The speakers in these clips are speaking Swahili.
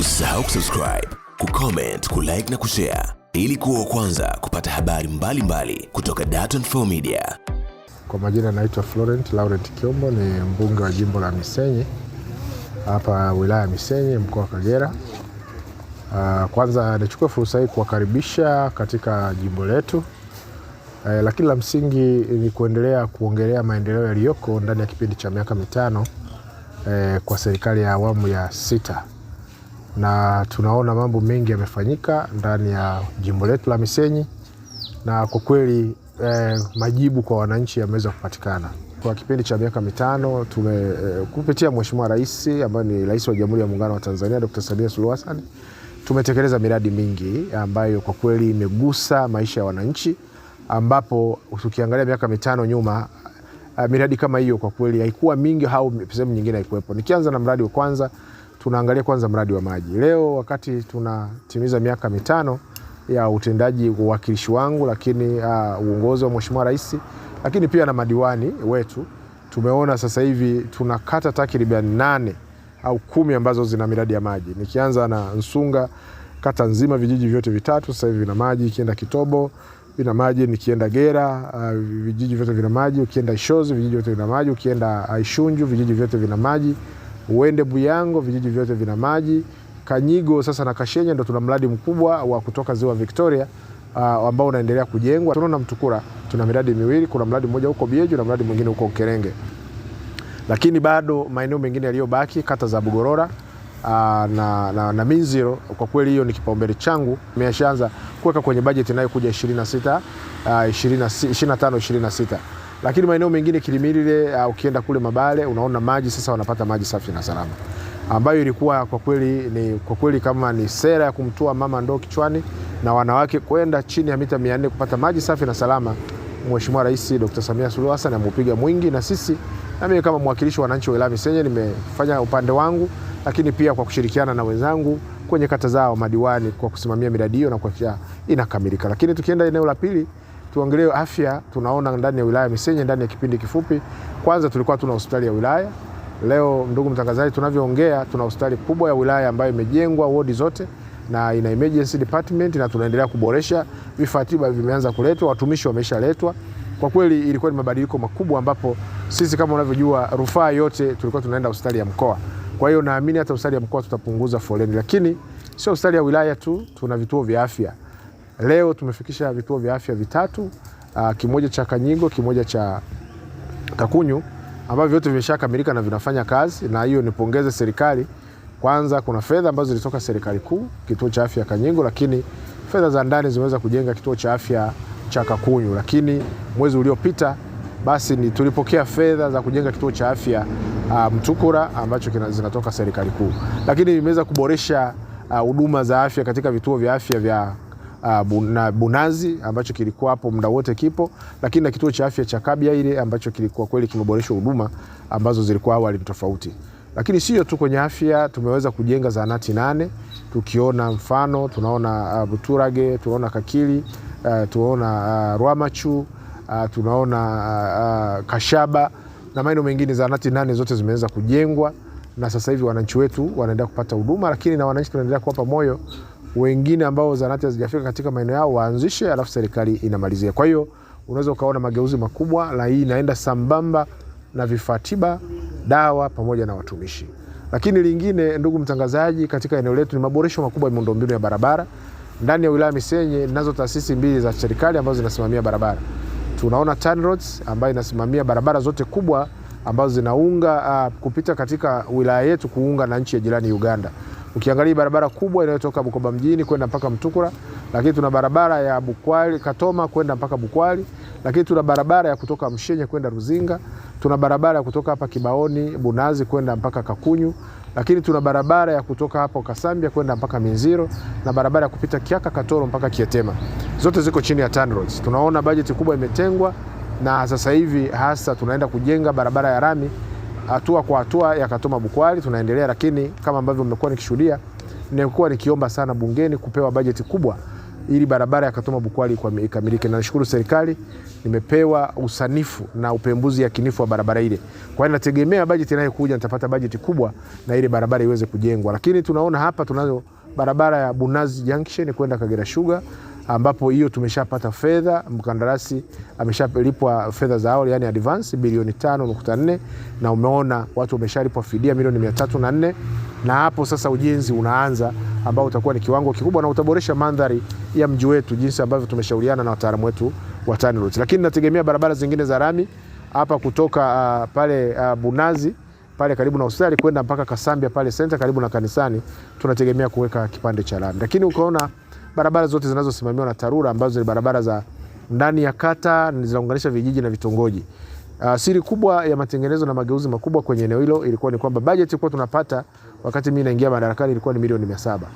Usisahau kusubscribe, kucomment, kulike na kushare ili kuwa kwanza kupata habari mbalimbali mbali kutoka Dar24 Media. Kwa majina anaitwa Florent Laurent Kiombo, ni mbunge wa jimbo la Misenyi hapa wilaya ya Misenyi, mkoa wa Kagera. Ah, kwanza nichukue fursa hii kuwakaribisha katika jimbo letu uh, lakini la msingi ni kuendelea kuongelea maendeleo yaliyoko ndani ya kipindi cha miaka mitano uh, kwa serikali ya awamu ya sita na tunaona mambo mengi yamefanyika ndani ya jimbo letu la Misenyi na kwa kweli eh, majibu kwa wananchi yameweza kupatikana kwa kipindi cha miaka mitano tume eh, kupitia Mheshimiwa Rais ambaye ni Rais wa Jamhuri ya Muungano wa Tanzania Dr. Samia Suluhu Hassan tumetekeleza miradi mingi ambayo kwa kweli imegusa maisha ya wananchi, ambapo tukiangalia miaka mitano nyuma eh, miradi kama hiyo kwa kweli haikuwa mingi au sehemu nyingine haikuwepo. Nikianza na mradi wa kwanza tunaangalia kwanza mradi wa maji. Leo wakati tunatimiza miaka mitano ya utendaji wa uwakilishi wangu, lakini uh, uongozi wa Mheshimiwa Rais, lakini pia na madiwani wetu, tumeona sasa hivi tuna kata takriban nane au kumi ambazo zina miradi ya maji, nikianza na Nsunga, kata nzima vijiji vyote vitatu sasa hivi vina maji, ikienda Kitobo vina maji, nikienda Gera uh, vijiji vyote vina maji, ukienda Ishozi vijiji vyote vina maji, ukienda Ishunju vijiji vyote vina maji uende Buyango, vijiji vyote vina maji. Kanyigo sasa na Kashenya ndo tuna mradi mkubwa wa kutoka ziwa Victoria uh, ambao unaendelea kujengwa. Tunaona Mtukura tuna miradi miwili, kuna mradi mmoja huko Bieju na mradi mwingine huko Ukerenge, lakini bado maeneo mengine yaliyobaki kata za Bugorora Aa, uh, na, na, na Minziro kwa kweli hiyo ni kipaumbele changu. Nimeshaanza kuweka kwenye bajeti inayokuja 26 25 26 lakini maeneo mengine Kilimilile, uh, ah, ukienda kule Mabale unaona maji sasa wanapata maji safi na salama, ambayo ilikuwa kwa kweli ni kwa kweli kama ni sera ya kumtua mama ndoo kichwani na wanawake kwenda chini ya mita 400 kupata maji safi na salama. Mheshimiwa Rais Dr. Samia Suluhu Hassan ameupiga mwingi, na sisi na mimi kama mwakilishi wa wananchi wa Ilami Senye nimefanya upande wangu, lakini pia kwa kushirikiana na wenzangu kwenye kata zao madiwani kwa kusimamia miradi hiyo na kuhakikisha inakamilika. Lakini tukienda eneo la pili tuangalie afya, tunaona ndani ya wilaya Misenyi ndani ya kipindi kifupi. Kwanza tulikuwa tuna hospitali ya wilaya, leo ndugu mtangazaji, tunavyoongea tuna hospitali kubwa ya wilaya ambayo imejengwa wodi zote na ina emergency department na tunaendelea kuboresha. Vifaa tiba vimeanza kuletwa, watumishi wameshaletwa. Kwa kweli ilikuwa ni mabadiliko makubwa, ambapo sisi kama unavyojua rufaa yote tulikuwa tunaenda hospitali ya mkoa. Kwa hiyo naamini hata hospitali ya mkoa tutapunguza foleni, lakini sio hospitali ya wilaya tu, tuna vituo vya afya Leo tumefikisha vituo vya afya vitatu, uh, kimoja cha Kanyingo, kimoja cha Kakunyu ambavyo vyote vimeshakamilika na vinafanya kazi, na hiyo nipongeze serikali. Kwanza kuna fedha ambazo zilitoka serikali kuu kituo cha afya Kanyingo, lakini fedha za ndani zimeweza kujenga kituo cha afya cha Kakunyu. Lakini mwezi uliopita basi ni tulipokea fedha za kujenga kituo cha afya uh, Mtukura ambacho kina, zinatoka serikali kuu, lakini imeweza kuboresha ah, huduma uh, za afya katika vituo vya afya vya uh, Bunazi ambacho kilikuwa hapo muda wote kipo, lakini na kituo cha afya cha Kabya ile ambacho kilikuwa kweli kimeboresha huduma ambazo zilikuwa awali tofauti. Lakini sio tu kwenye afya, tumeweza kujenga zahanati nane, tukiona mfano tunaona uh, Buturage, tunaona Kakili, uh, tunaona uh, Rwamachu, uh, tunaona uh, uh, Kashaba na maeneo mengine. Zahanati nane zote zimeweza kujengwa na sasa hivi wananchi wetu wanaendelea kupata huduma, lakini na wananchi tunaendelea kuwapa moyo wengine ambao zahanati hazijafika katika maeneo yao waanzishe, alafu serikali inamalizia. Kwa hiyo unaweza ukaona mageuzi makubwa, na hii inaenda sambamba na vifaa tiba, dawa pamoja na watumishi. Lakini lingine, ndugu mtangazaji, katika eneo letu ni maboresho makubwa ya miundombinu ya barabara ndani ya wilaya Misenye. Nazo taasisi mbili za serikali ambazo zinasimamia barabara, tunaona TANROADS ambayo inasimamia barabara zote kubwa ambazo zinaunga uh, kupita katika wilaya yetu kuunga na nchi ya jirani Uganda. Ukiangalia barabara kubwa inayotoka Bukoba mjini kwenda mpaka Mtukula, lakini tuna barabara ya Bukwali Katoma kwenda mpaka Bukwali, lakini tuna barabara ya kutoka Mshenye kwenda Ruzinga, tuna barabara ya kutoka hapa Kibaoni Bunazi kwenda mpaka Kakunyu, lakini tuna barabara ya kutoka hapo Kasambia kwenda mpaka Minziro na barabara ya kupita Kiaka Katoro mpaka Kietema. Zote ziko chini ya TANROADS. Tunaona bajeti kubwa imetengwa na sasa hivi hasa tunaenda kujenga barabara ya rami hatua kwa hatua yakatoma bukwali tunaendelea lakini, kama ambavyo mmekuwa nikishuhudia, nimekuwa nikiomba sana bungeni kupewa bajeti kubwa ili barabara ya Katoma Bukwali ikamilike, na nashukuru serikali nimepewa usanifu na upembuzi yakinifu wa barabara ile. Kwa hiyo nategemea bajeti inayokuja nitapata bajeti kubwa na ile barabara iweze kujengwa, lakini tunaona hapa tunayo barabara ya Bunazi Junction kwenda Kagera Sugar ambapo hiyo tumeshapata fedha, mkandarasi ameshalipwa fedha za awali, yani advance bilioni tano nukta nne na umeona watu wameshalipwa fidia milioni mia tatu na nne na hapo sasa ujenzi unaanza ambao utakuwa ni kiwango kikubwa na utaboresha mandhari ya mji wetu jinsi ambavyo tumeshauriana na wataalamu wetu wa TANROADS. Lakini nategemea barabara zingine za rami hapa kutoka uh, pale uh, Bunazi pale karibu na hospitali kwenda mpaka Kasambia pale senta karibu na kanisani, tunategemea kuweka kipande cha lami, lakini ukaona barabara zote zinazosimamiwa na TARURA ambazo ni barabara za ndani ya kata zinaunganisha vijiji na vitongoji. Uh, siri kubwa ya matengenezo na mageuzi makubwa kwenye eneo hilo ilikuwa ni kwamba bajeti ilikuwa tunapata wakati mimi naingia madarakani ilikuwa ni milioni mia saba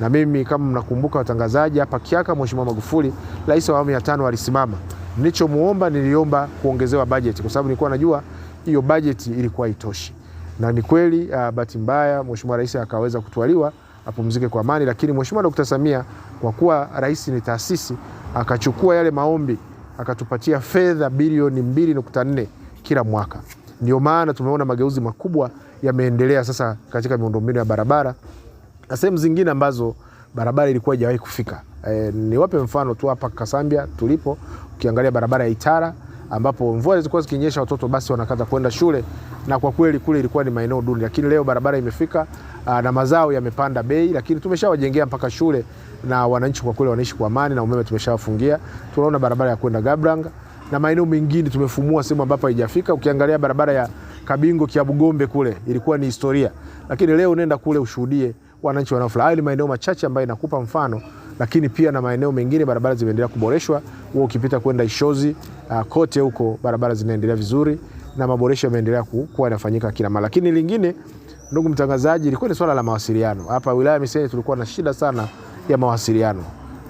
na mimi kama mnakumbuka watangazaji hapa Kiaka, Mheshimiwa Magufuli rais wa awamu ya tano alisimama. Nilichomuomba, niliomba kuongezewa bajeti kwa sababu nilikuwa najua hiyo bajeti ilikuwa itoshi. na ni kweli uh, bahati mbaya Mheshimiwa rais akaweza kutwaliwa apumzike kwa amani. Lakini Mheshimiwa Dkt. Samia kwa kuwa rais ni taasisi, akachukua yale maombi akatupatia fedha bilioni 2.4 kila mwaka. Ndio maana tumeona mageuzi makubwa yameendelea sasa katika miundombinu ya barabara na sehemu zingine ambazo barabara ilikuwa haijawahi kufika. E, niwape mfano tu hapa Kasambia tulipo, ukiangalia barabara ya Itara ambapo mvua zilikuwa zikinyesha, watoto basi wanakata kwenda shule, na kwa kweli kule ilikuwa ni maeneo duni, lakini leo barabara imefika Ah, na mazao yamepanda bei, lakini tumeshawajengea mpaka shule na wananchi kwa kweli wanaishi kwa amani, na umeme tumeshawafungia. Tunaona barabara ya kwenda Gabranga na maeneo mengine tumefumua sehemu ambapo haijafika. Ukiangalia barabara ya Kabingo Kiabugombe kule ilikuwa ni historia, lakini leo unaenda kule ushuhudie wananchi wanaofurahi. Hayo ni maeneo machache ambayo inakupa mfano, lakini pia na maeneo mengine barabara zimeendelea kuboreshwa. Wewe ukipita kwenda Ishozi uh, kote huko barabara zinaendelea vizuri na maboresho yameendelea kuwa yanafanyika kila mara, lakini lingine ndugu mtangazaji, ilikuwa ni swala la mawasiliano. Hapa wilaya Misenyi tulikuwa na shida sana ya mawasiliano.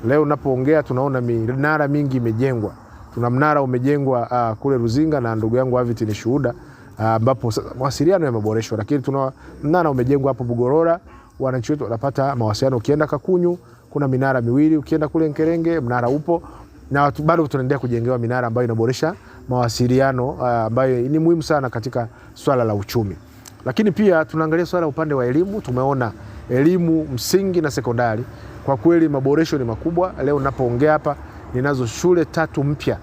Leo unapoongea tunaona minara mingi imejengwa, tuna mnara umejengwa uh, kule Ruzinga na ndugu yangu Aviti ni shuhuda ah, ambapo uh, mawasiliano yameboreshwa, lakini tuna mnara umejengwa hapo Bugorora, wananchi wetu wanapata mawasiliano. Ukienda Kakunyu kuna minara miwili, ukienda kule Nkerenge mnara upo na bado tunaendelea kujengewa minara ambayo inaboresha mawasiliano uh, ambayo ni muhimu sana katika swala la uchumi. Lakini pia tunaangalia swala upande wa elimu. Tumeona elimu msingi na sekondari, kwa kweli maboresho ni makubwa. Leo ninapoongea hapa, ninazo shule tatu mpya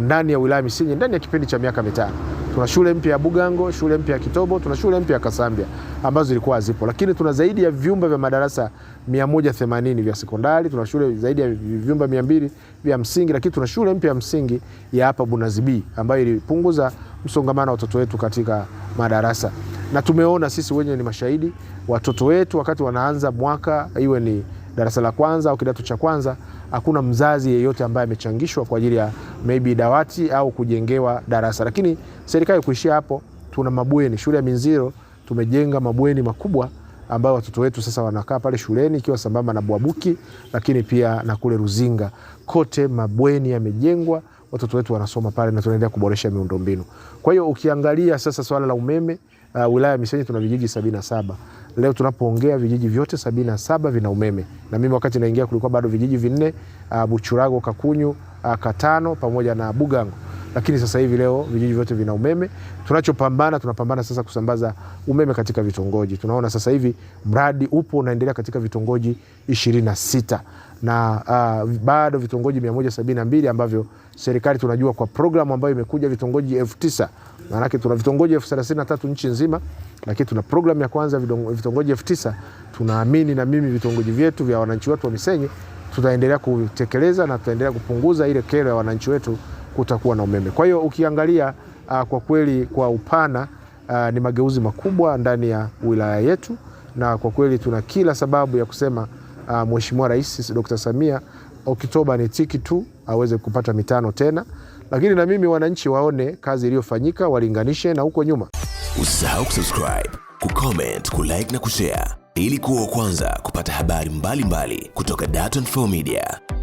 ndani ya wilaya Misenyi ndani ya kipindi cha miaka mitano. Tuna shule mpya ya Bugango, shule mpya ya Kitobo, tuna shule mpya ya Kasambia ambazo zilikuwa hazipo, lakini tuna zaidi ya vyumba vya madarasa 180 vya sekondari, tuna shule zaidi ya vyumba 200 vya msingi, lakini tuna shule mpya ya msingi ya hapa Bunazibii ambayo ilipunguza msongamano wa watoto wetu katika madarasa na tumeona sisi wenyewe ni mashahidi, watoto wetu wakati wanaanza mwaka, iwe ni darasa la kwanza au kidato cha kwanza, hakuna mzazi yeyote ambaye amechangishwa kwa ajili ya maybe dawati au kujengewa darasa. Lakini serikali kuishia hapo, tuna mabweni, shule ya Minziro tumejenga mabweni makubwa ambayo watoto wetu sasa wanakaa pale shuleni ikiwa sambamba na Bwabuki, lakini pia na kule Ruzinga, kote mabweni yamejengwa, watoto wetu wanasoma pale na tunaendelea kuboresha miundombinu. Kwa hiyo ukiangalia sasa swala la umeme uh, wilaya ya Misenyi tuna vijiji sabini na saba. Leo tunapoongea vijiji vyote sabini na saba vina umeme, na mimi wakati naingia kulikuwa bado vijiji vinne, uh, Buchurago, Kakunyu, uh, Katano pamoja na Bugango lakini sasa hivi leo vijiji vyote vina umeme. Tunachopambana, tunapambana sasa kusambaza umeme katika vitongoji. Tunaona sasa hivi mradi upo unaendelea katika vitongoji ishirini na sita na uh, bado vitongoji 172 ambavyo serikali tunajua kwa programu ambayo imekuja vitongoji 9000 tisa maanake tuna vitongoji 33 nchi nzima, lakini tuna programu ya kwanza vitongoji 9000 Tunaamini na mimi vitongoji vyetu vya wananchi wetu wa Misenyi tutaendelea kutekeleza na tutaendelea kupunguza ile kero ya wananchi wetu kutakuwa na umeme. Kwa hiyo ukiangalia uh, kwa kweli kwa upana uh, ni mageuzi makubwa ndani ya wilaya yetu, na kwa kweli tuna kila sababu ya kusema uh, Mheshimiwa Rais Dr. Samia Oktoba ni tiki tu aweze kupata mitano tena, lakini na mimi wananchi waone kazi iliyofanyika walinganishe na huko nyuma. Usisahau kusubscribe, kucomment, kulike na kushare ili kuwa wa kwanza kupata habari mbalimbali mbali kutoka Dar24 Media.